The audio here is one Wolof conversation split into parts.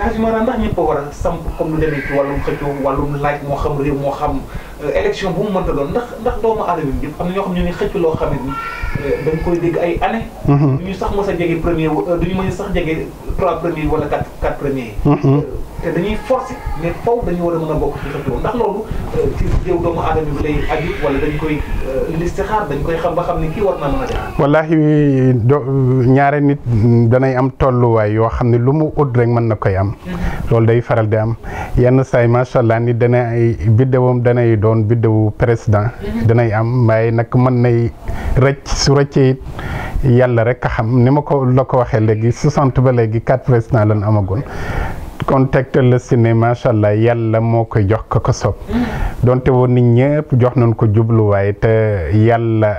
Hadj Mara ndax ñëpp a war a samp comme lu demee ci wàllum xëccoo wàllum laaj moo xam réew moo xam euh, élection bu mu mënta doon ndax ndax doomu aadama bi yëpp am na ñoo xam ne ni loo xam ne ni euh, dañ koy dégg ay année mhm. du ñu sax mos a jege premier euh, du ñu mën sax jege trois premiers wala quatre quatre premiers yi mhm. te dañuy forcé mais faw dañu war a mën a bokk ci xëccoo ndax loolu euh, ci réew doomu aadama bi lay dañ koy euh, listixaar dañ koy xam ba xam ni kii war nit danay am tolluwaay yoo xam ne lu mu ut rek mën na koy am. Mm-hmm. loolu day faral di am yenn saa yi macha allah nit dana ay biddewam doon biddewu président. Mm-hmm. danay am waaye nag man nay rëcc su rëccee it yàlla rek a xam ni ma ko la ko waxee léegi 60 ba léegi quatre président lan amagoon. kon tegtal la si ne macha allah yàlla moo koy jox ko ko sob mm. donte woon nit ñëpp jox nañ ko jubluwaay te yalla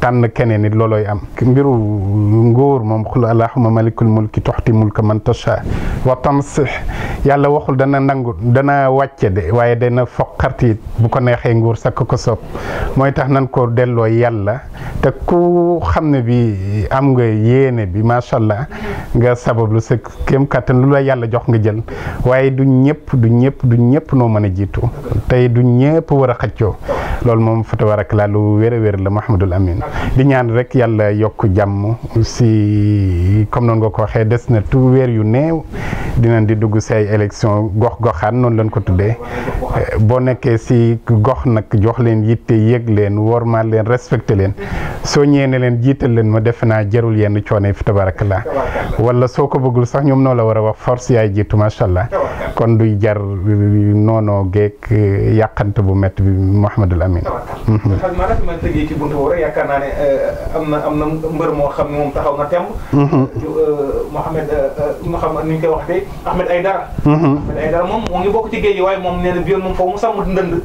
tànn keneen it loolooy am mbiru nguur moom xul allahuma malikul mulki toxti mulka man tasha wa tansix yàlla waxul dana nangu dana wàcce de waaye dana foqarti it bu ko neexee nguur sakk ko soob mooy tax nan ko delloo yàlla te ku xam ne bi am nga yéene bi macha allah nga sabablu sa kéem kàttan lu la yàlla jox nga jël waaye du ñëpp du ñëpp du ñëpp noo mën a jiitu tey du ñëpp war a xëccoo loolu moom fa tabarak laa lu wér a wér la Ahmadul Amin di ñaan rek yàlla yokk jàmm si comme noonu nga ko waxee des na tout weer yu néew dinañ di dugg si ay gox goxaan noonu leen ko tuddee eh, boo nekkee si gox nag jox leen yitte yéeg leen wormaal leen respecté leen soo ñeene leen jiital leen ma defe naa jarul yenn coono yi fi tabarakallah wala soo ko bëggul sax ñoom noo la war a wax force yaay jiitu macha allah kon duy jar noonoo geek yàqante bu métti bi Mouhamadul Amin. xam mbër moo xam ne taxaw na temb. Mhm. Euh, Mouhamed Mouhamed ni ñu koy waxatee Ahmed Aïdara. Mhm. Ahmed Aïdara moom moo ngi mu sàmm ndënd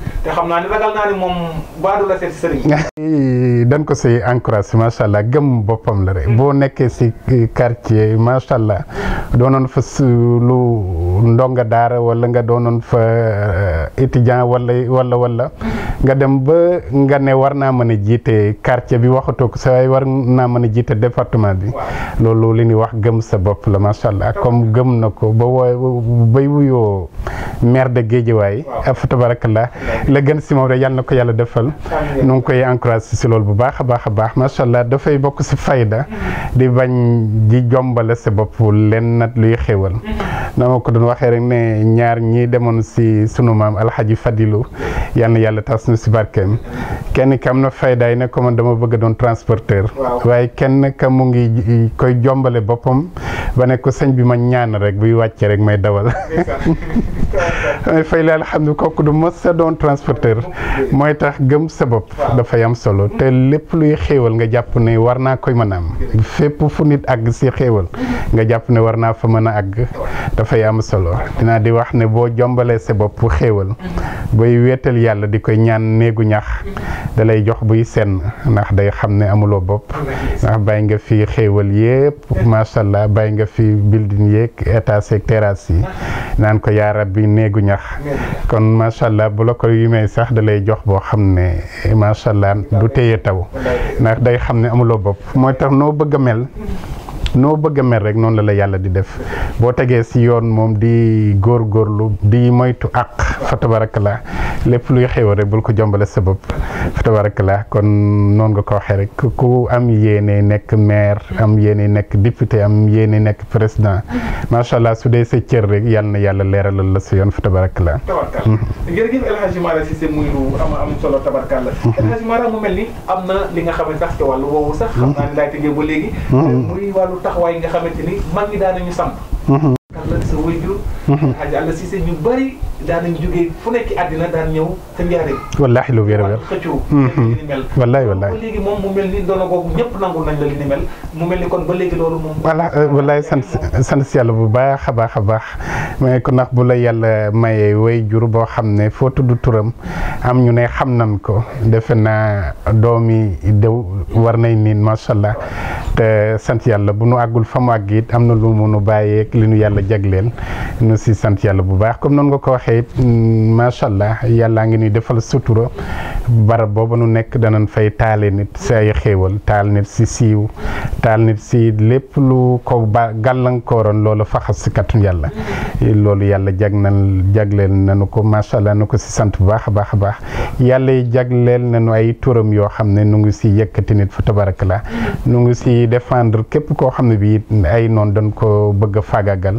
te ko si encouragé macha allah gëm boppam la mhm. boo nekkee si quartier macha allah doonoon fa ndongo daara wala nga doonoon fa eh, étudiant wala wala wala nga dem ba nga ne war naa mën a jiite quartier bi waxatoo ko sa ay war naa mën a jiite département bi loolu li ñuy wax gëm sa bopp la macha allah comme gëm na ko ba woo bay wuyoo maire de Guédiawaye fa tabarakallah la la gën si moom rek yàlla na ko yàlla defal nu ngi koy encouragé si loolu bu baax a baax a baax macha allah dafay bokk si fayda di bañ di jombale sa bopp lenn luy xéwal na ma ko doon waxee rek ne ñaar ñii demoon si sunu maam alxaji Fadilu yal na yàlla tas nu si barkeem kenn ki am na faydaay ne ko man dama bëgg doon transporteur. waaye kenn ka mu ngi koy jombale boppam ba ne ko sëñ bi ma ñaan rek buy wàccee rek may dawal. may fay la alhamdu kooku du mos sa doon transporteur. mooy tax gëm sa bopp. dafay am solo te lépp luy xéewal nga jàpp ne war naa koy mën a am. fépp fu nit àgg si xéewal. nga jàpp ne war naa fa mën a àgg. dafay am solo dinaa di wax ne boo jombalee sa bopp xéewal. booy wéetal yàlla di koy ñaan néegu ñax da lay jox buy senn ndax day xam ne amuloo bopp ndax bàyyi nga fi xéewal yépp macha allah bàyyi nga fi building yéeg étage yeeg terrasse yi naan ko yaa bi néegu ñax kon macha allah bu la ko yumee sax da lay jox boo xam ne macha allah du téye taw ndax day xam ne amuloo bopp mooy tax noo bëgg a mel noo bëgg a mel rek noonu la la yàlla di def boo tegee si yoon moom di góor góorgóorlu di moytu àq fa la lépp luy xew rek bul ko jombale sa bopp fa la kon noonu nga ko waxee rek ku am yéene nekk maire am yéene nekk député am yéene nekk président macha allah su dee sa cër rek yal na yàlla leeralal la sa yoon fa tabarakallah. Hmm. jërëjëf El hmm. li nga xam ne sax ci wàllu woowu sax. xam hmm. naa ne laay tëjee ba léegi. Eh, muy wàllu taxawaay yi nga xamante ni mag ñi daanañu samp. Mm-hmm. ndax la sa wëjur. Hadj mm-hmm. Alla Cissé ñu bëri. daanañ jógee fu nekk àddina daan ñëw lu wér wér xëccoo. Hmm, hmm. li euh, sant sant si yàlla bu baax a baax a baax mais ku ndax bu la yàlla mayee way jur boo xam ne foo tudd turam am ñu ne xam nan ko defe naa doomi dew war nañ niin macha allah te sant yàlla bu nu àggul fa mu àgg am na lu mu nu bàyyeeg li nu yàlla jagleel ñu si sant yàlla bu baax comme noonu nga ko waxee waxee mm, macha allah yàllaa ngi ni defal sutura barab booba nu nekk danañ fay taale nit si ay xéewal taal nit si siiw taal nit si lépp lu ko ba gàllankooroon loolu faxas si katun yàlla loolu yàlla jag nan jagleel nanu ko macha allah nu ko si sant bu baax a baax a baax yàlla yi jagleel nanu ay turam yoo xam ne nu ngi si yëkkati nit fa tabaraka la nu ngi si defendre képp koo xam ne bi ay noon dañ ko bëgg a faagagal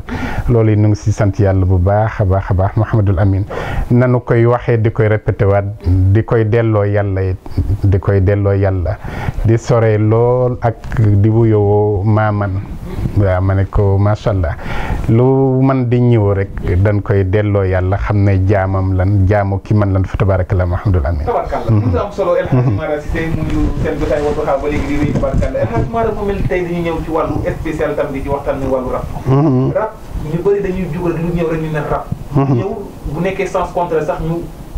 loolu yi nu ngi si sant yàlla bu baax a baax a baax Ahmadul Amin nanu koy waxee di koy répété waat di koy delloo yàlla it di koy delloo yàlla di sore lool ak di wuyoo maaman waaw ma ne ko allah lu man di ñëw rek dañ koy delloo yàlla xam na jaamam lan jaamu ki man lan fa tabarakallah Ahmadul Amin ñëw mhm. bu nekkee sens contraire sax ñu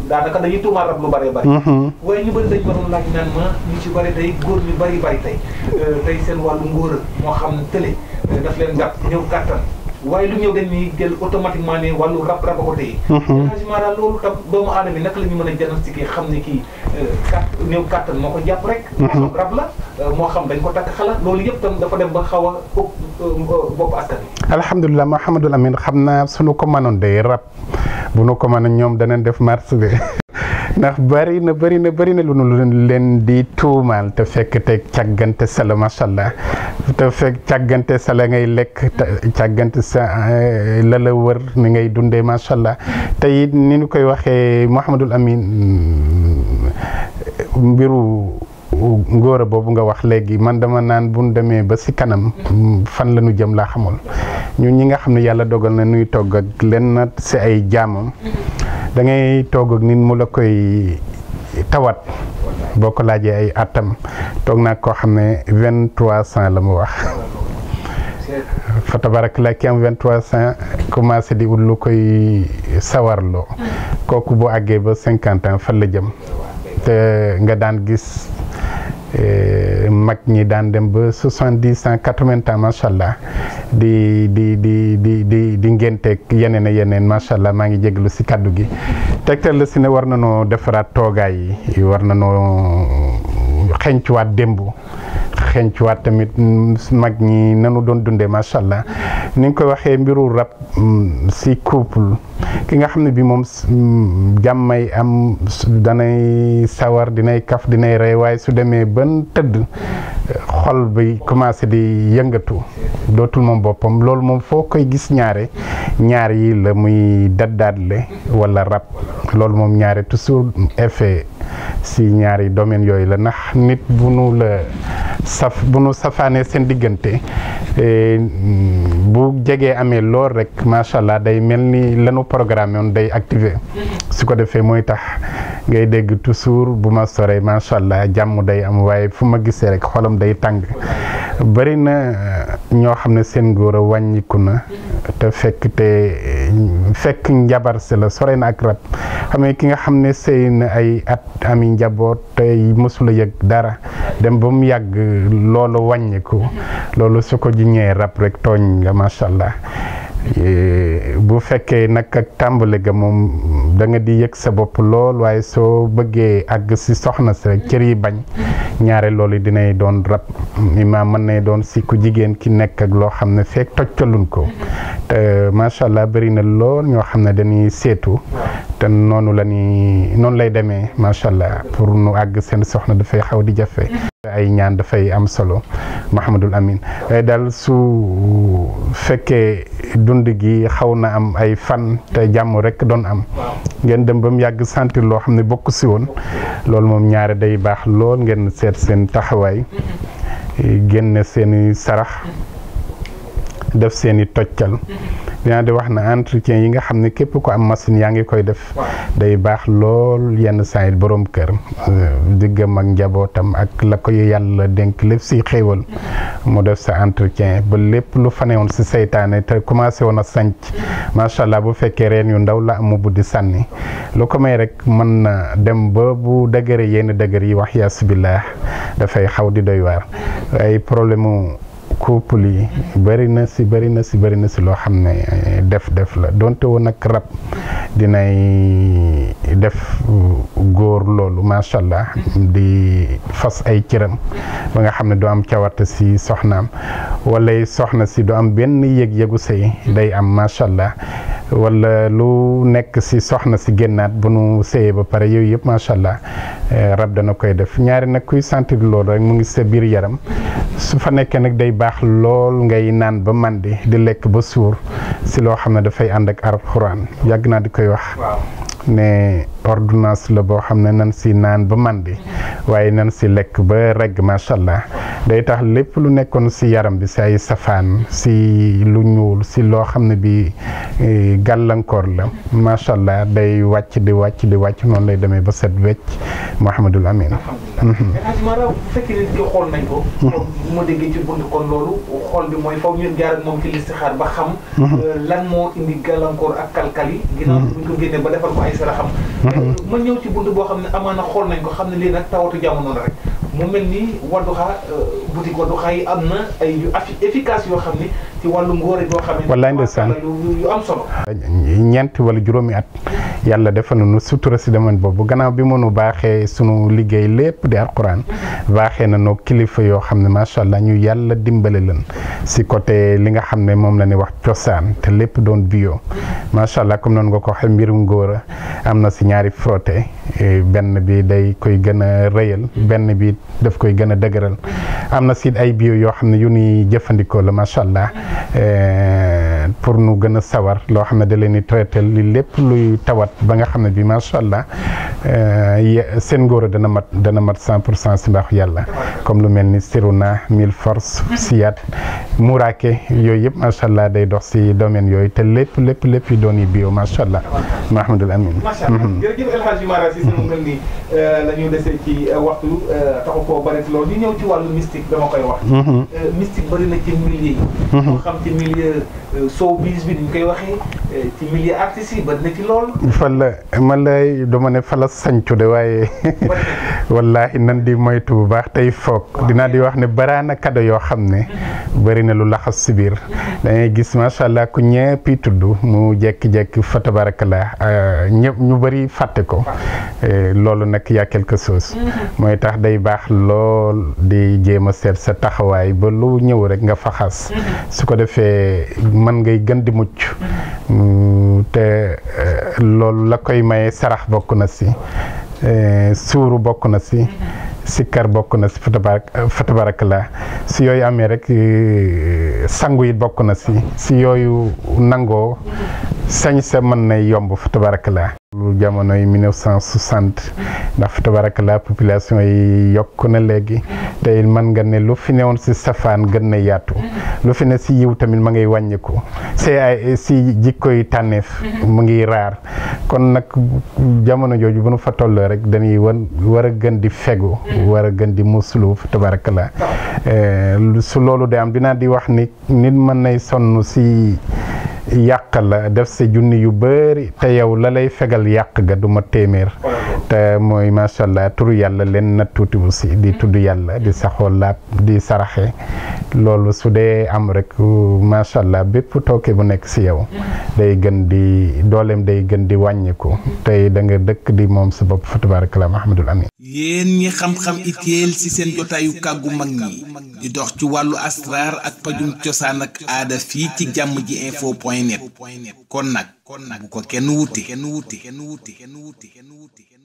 daanaka dañuy tuumaal rab lu bëree bare mhm. waaye ñu bëri dañu ba doon laaj naan ma ñu ci bëri day góor ñu bëri bëri tey euh, tey seen wàllu ngóor moo xam tële euh, daf leen gàtt ñëw kàttan. waaye lu ñëw dañuy jël automatiquement ne wàllu rab rab a ko téye. changement mhm. daal loolu tam doomu aadama yi naka la ñu mën a diagnostiqué xam ne kii euh, kat néew kàttan moo ko rek. Mhm. Euh, moo xam dañ ko takk xalaat loolu yëpp tam dafa dem ba xaw euh, bopp askan wi. alhamdulilah xam naa suñu ko mënoon day rab bu nu ko mënoon ñoom danañ def marche bi ndax bari na bari na bari na lu leen di tuumaal te fekk te càggante sa la macha allah te fekk càggante sa la ngay lekk càggante sa eh, la la wër ni ngay dundee macha allah te it ni ñu koy waxee Mouhamadul Amin mm, mbiru ngóora boobu nga wax léegi man dama naan bu ñu demee ba si kanam mm, fan la ñu jëm laa xamul ñu ñi nga xam ne yàlla dogal na nuy togg ak lenn si ay jaamam da ngay toog ak mu la koy tawat boo ko laajee ay atam toog naa koo xam ne vingt cent la mu wax fa tabarak la ki am vingt cent commencé di wut lu koy sawarloo kooku bu àggee ba cinquante ans fan la jëm te nga daan gis eh, mag ñi daan dem ba soixante dix ans quatre vingt allah di di ngénteeg yeneen a yeneen macha allah maa ngi jéglu si kàddu gi tegtal la si ne war na noo defaraat toogaay yi war na noo xencuwaat démb xencuwaat tamit mag ñi nanu doon dundee macha allah ni nga koy waxee mbiru rab mm, si couple ki nga xam ne bi moom mm, jàmmay am danay sawar dinay kaf dinay rey waaye su demee ban tëdd xol bi commencé di yëngatu dootul moom boppam loolu moom foo koy gis ñaare ñaar yi la muy daddaatle walla rab loolu moom ñaare toujours effet si ñaari domaine yooyu la ndax nit bu nu la saf bu nu safaanee seen diggante eh, bu jegee amee lool rek macha allah day mel ni lanu programme yoon day activer su ko defee mooy tax ngay dégg toujours bu ma soree macha allah jàmm day am waaye fu ma gisee rek xolam day tàng bari na eh, ñoo xam ne seen góor a wàññiku na te fekk te eh, fekk njabar si la sore na ak rab xamee ki nga xam ne sëy na ay at ami njaboot tey mësula yëg dara dem ba mu yàgg loolu wàññiku loolu su ko jiñee rab rek tooñ nga macha allah eh, bu fekkee nag ak tàmbali moom da nga di yëg sa bopp lool waaye soo bëggee àgg si soxna sa cër yi bañ ñaare loolu dinay doon rab imaam mën nay doon si ku jigéen ki nekk ak loo xam ne feek tojtaluñ ko te macha allah bëri na lool ñoo xam ne dañuy seetu te noonu la ñuy noonu lay demee macha allah pour nu àgg seen soxna dafay xaw di jafe. ay ñaan dafay am solo Mahamadul Amin eh, dal su fekkee dund gi xaw na am ay fan te jàmm rek doon am ngeen dem ba mu yàgg sentir loo xam ne bokk si woon loolu moom ñaare day baax lool ngeen seet seen taxawaay génne seeni sarax def seeni toccal dinaa di wax na entretien yi nga xam ne képp ko am machine yaa ngi koy def day baax lool yenn saa yi boroom kër diggam ak njabootam ak la ko yàlla dénk lépp si xéewal mu def sa entretien ba lépp lu fanewoon si seytaane te commencé woon a sanc macha allah bu fekkee reen yu ndaw la amu buddi sànni lu ko may rek man na dem ba bu dëgëre yenn dëgër yi wax yaasubillah dafay xaw di doy waar ay problème couple yi bëri na si bëri na si bëri na si loo xam ne eh, def def la donte woon ak rab dinay def góor loolu macha allah di fas ay cëram ba nga xam ne du am cawarte si soxnaam wala soxna si du am benn yëg-yëgu sëy day am macha allah wala lu nekk si soxna si génnaat bu nu sëyee ba pare yooyu yëpp macha allah eh, rab dana koy def ñaari nag kuy sentir loolu rek mu ngi sa biir yaram su fa nekkee nag day baax lool ngay naan ba màndi di lekk ba suur si loo xam ne dafay ànd ak alxuraan yàgg naa di ko koy wax ne ordonnance la boo xam ne nan si naan ba bi waaye nan si lekk ba regg macha allah day tax lépp lu nekkoon si yaram bi si ay safaan si lu ñuul si loo xam ne bi eh, gàllankoor la macha allah day wàcc di wàcc di wàcc noonu lay demee ba set wecc Mouhamadul Amin. Mhm. Mhm. moom ci listixaar ba xam. Mhm. Euh, lan moo indi gàllankoor ak kalkal yi. buñ ko génnee ba defal ko ay saraxam. Mm-hmm. ma ñëw ci bunt boo xam ne amaana xool nañ ko xam ne lii nag tawatu jamono rek. mu mel ni Wadduha boutique euh, Wadduha yi am na ay yu yoo xam ni ci wàllu ngóore boo xam ne. wallaay ñeent wala juróomi yàlla defal nu sutura si domaine boobu gannaaw bi mënu baaxee sunu liggéey lépp di alquran baaxe na noo kilifa yoo xam ne macha allah ñu yàlla dimbale leen si côté li nga xam ne moom la ñuy wax cosaan te lépp doon bio macha allah comme noonu nga ko waxee mbirum am na si ñaari frotté eh, benn bi day koy gën a rëyal benn bi daf koy gën a dëgëral am na si ay bio yoo xam ne yu ñuy jëfandikoo la macha allah eh, pour nu gën a sawar loo xam ne da leen di traité li lépp luy tawat ba nga xam ne bi macha allah eh, seen ngóor dana mat dana mat cent pour cent si yàlla comme lu mel ni siruna mil force siyaat muraake yooyu yëpp macha allah day dox si domaine yooyu te lépp lépp lépp yi doon yi bio macha allah mahamadul amin taxu koo bari lool ñu ñëw ci wàllu mystique dama koy wax. Mhm. Euh, mystique bari ci milieu yi. moo mhm. xam ci milieu euh, showbiz bi ñu koy waxee euh, ci milieu artistes yi bari ci lool. fa la man lay dama ne fa la sancu de waaye. wallaahi nan di moytu bu baax tey foog dinaa di wax ne baraana kado yoo xam ne bari na lu laxas si biir dangay gis macha allah ku ñëppi tudd mu jekki-jekki fa tabarakallah euh, ñëpp ñu bëri fàtte ko euh, loolu nag yaa quelque chose mooy tax day baax lool di jéem a seet sa taxawaay ba lu ñëw rek nga faxas su ko defee man ngay gën di mucc mm, te euh, loolu la koy maye sarax bokk na si Eh, suuru bokk na si sikkar bokk na si fatabarak la si yooyu amee rek eh, sangu yi bokk na si si yooyu nangoo sañ sa mën na yomb fatabarak la lu jamonoy 1960 ndax la population yi yokk na léegi tey man nga ne lu fi newoon si safaan gën na yaatu lu fi ne si yiw tamit ma ngay wàññiku si si jikko tànneef mu ngi raar kon nag jamono jooju bu nu fa tolloo rek dañuy wan war a gën di fegu war a gën di muslu tabarakallah eh, su loolu de am dinaa di wax ni nit mën nay sonn si yàq la def si junni yu bëri te yow la lay fegal yàq ga du ma téeméer te mooy macha allah turu yàlla leen na tuuti aussi di tudd yàlla di saxoo laab di saraxe loolu su dee am rek macha allah bépp tooke bu nekk si yow day gën di dooleem day gën di wàññiku tey da nga dëkk di moom sa bopp fa tabaarakalla Mahamadul Amin yéen ñi xam-xam itéel si seen jotaayu kàggu mag ñi di dox ci wàllu asraar ak pajum cosaan ak aada fii ci jàmm ji info point net kon nag bu ko kenn wuti kenn wuti kenn wuti kenn wuti